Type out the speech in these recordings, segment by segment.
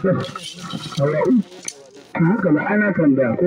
Hello? Haka ba ana tambaya ko?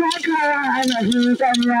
maka na hita na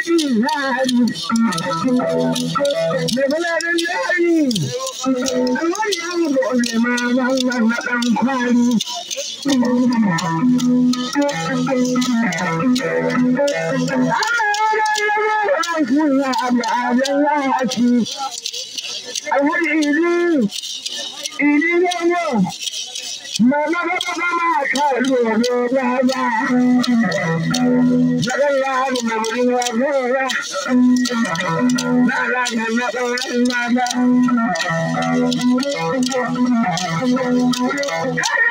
Mama, mama, I Hey!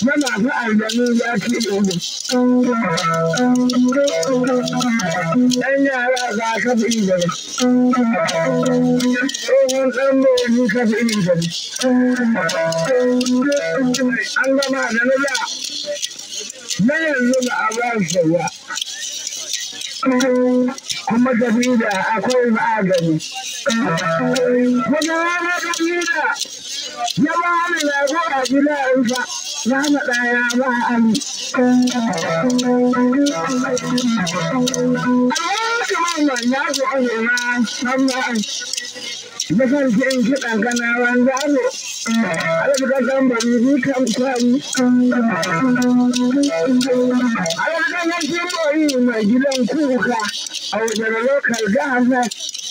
yana ga aljanu ya fi ɗogo. Ɗan yara za ka fi ka fi An gama da na da yanzu Kuma tafiya akwai magani. Wata rana ya ba ni na gora gida in fa. ya faɗa ya ba Ali. Alhamdulillah ya fi azuma nan ba Da farki in kiɗa ganawa za mu alaƙa kan bari bi kan kwari. kan mai gidan kuka a wajen lokal gahasa.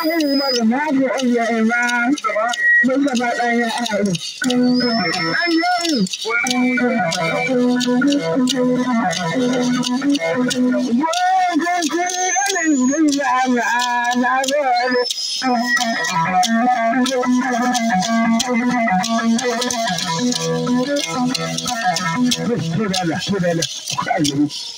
abubuwa da babu iya ina duk gaba ɗaya a Thank you.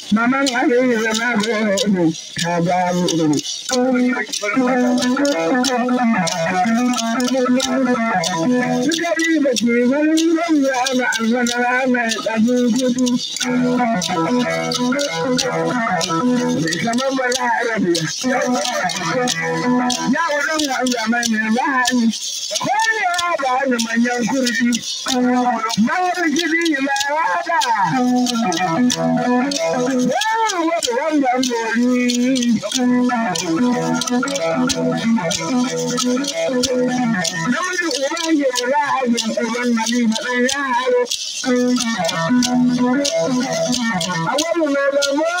Mama Mary is my baby, how God will do. mai bahani, ko I wanna ra'ayin uban nami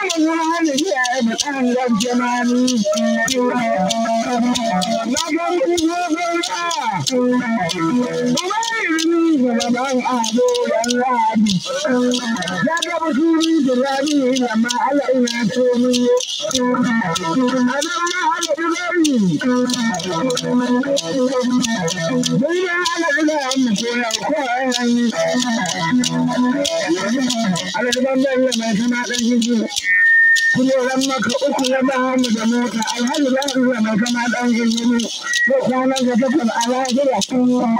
ladi. A Thank you. kujeran maka uku ya ba hannu da mota alhaji ba su da mai kama ɗan jirgin ko kwanan da takwas a lafiya kullum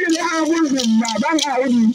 da ya hagu sun baban ban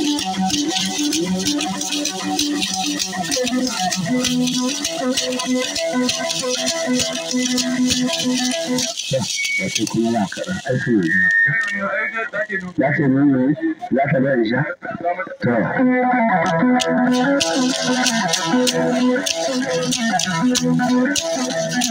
Ya ce kuma ba kaɗan aiki ya Thank you.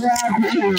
Rock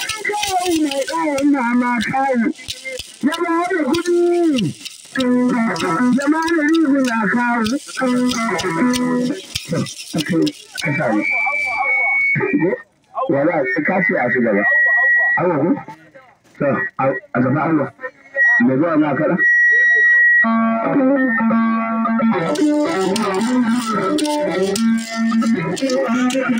ne ina ma kawo jama'a da kuɗi jama'a da riguna na kawo wala ka ce a shiga awa ku to a gaba awa da zuwa ma kaɗa Thank you.